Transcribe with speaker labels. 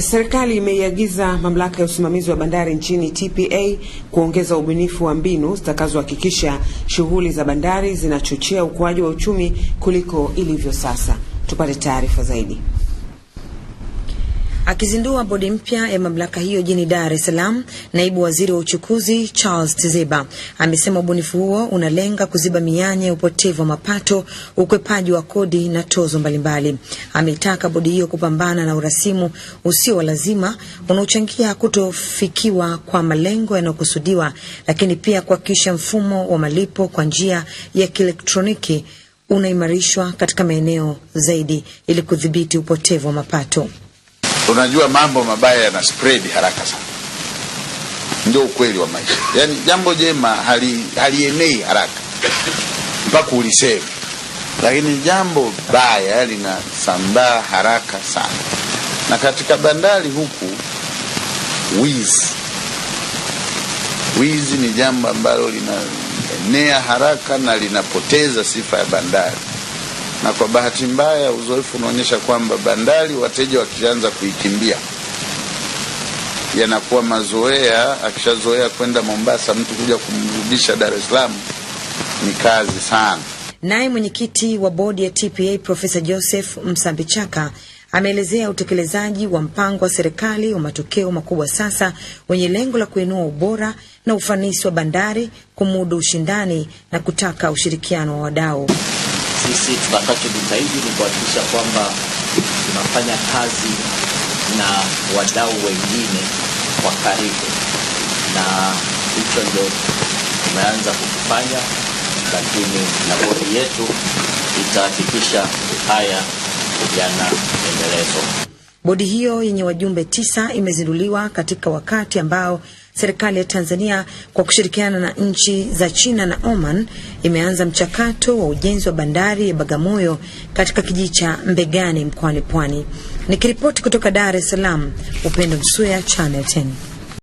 Speaker 1: Serikali imeiagiza mamlaka ya usimamizi wa bandari nchini TPA kuongeza ubunifu wa mbinu zitakazohakikisha shughuli za bandari zinachochea ukuaji wa uchumi kuliko ilivyo sasa. Tupate taarifa zaidi. Akizindua bodi mpya ya mamlaka hiyo jini Dar es Salaam, naibu waziri wa uchukuzi Charles Tizeba amesema ubunifu huo unalenga kuziba mianya ya upotevu wa mapato, ukwepaji wa kodi na tozo mbalimbali. Ameitaka bodi hiyo kupambana na urasimu usio wa lazima unaochangia kutofikiwa kwa malengo yanayokusudiwa, lakini pia kuhakikisha mfumo wa malipo kwa njia ya kielektroniki unaimarishwa katika maeneo zaidi ili kudhibiti upotevu wa mapato.
Speaker 2: Unajua mambo mabaya yana spread haraka sana, ndio ukweli wa maisha. Yaani jambo jema hali halienei haraka mpaka uliseme, lakini jambo baya linasambaa haraka sana. Na katika bandari huku, wizi wizi ni jambo ambalo linaenea haraka na linapoteza sifa ya bandari na kwa bahati mbaya uzoefu unaonyesha kwamba bandari wateja wakianza kuikimbia yanakuwa mazoea. Akishazoea kwenda Mombasa, mtu kuja kumrudisha Dar es Salaam ni kazi sana.
Speaker 1: Naye mwenyekiti wa bodi ya TPA Profesa Joseph Msambichaka ameelezea utekelezaji wa mpango wa serikali wa matokeo makubwa sasa wenye lengo la kuinua ubora na ufanisi wa bandari, kumudu ushindani na kutaka ushirikiano wa wadau
Speaker 3: sisi tutakachojitahidi ni kuhakikisha kwamba tunafanya kazi na wadau wengine kwa karibu, na hicho ndio tumeanza kukifanya, lakini na bodi yetu itahakikisha haya yanaendelezwa.
Speaker 1: Bodi hiyo yenye wajumbe tisa imezinduliwa katika wakati ambao serikali ya Tanzania kwa kushirikiana na nchi za China na Oman imeanza mchakato wa ujenzi wa bandari ya Bagamoyo katika kijiji cha Mbegani mkoani Pwani. Nikiripoti kutoka Dar es Salaam, Upendo Msuya, Channel 10.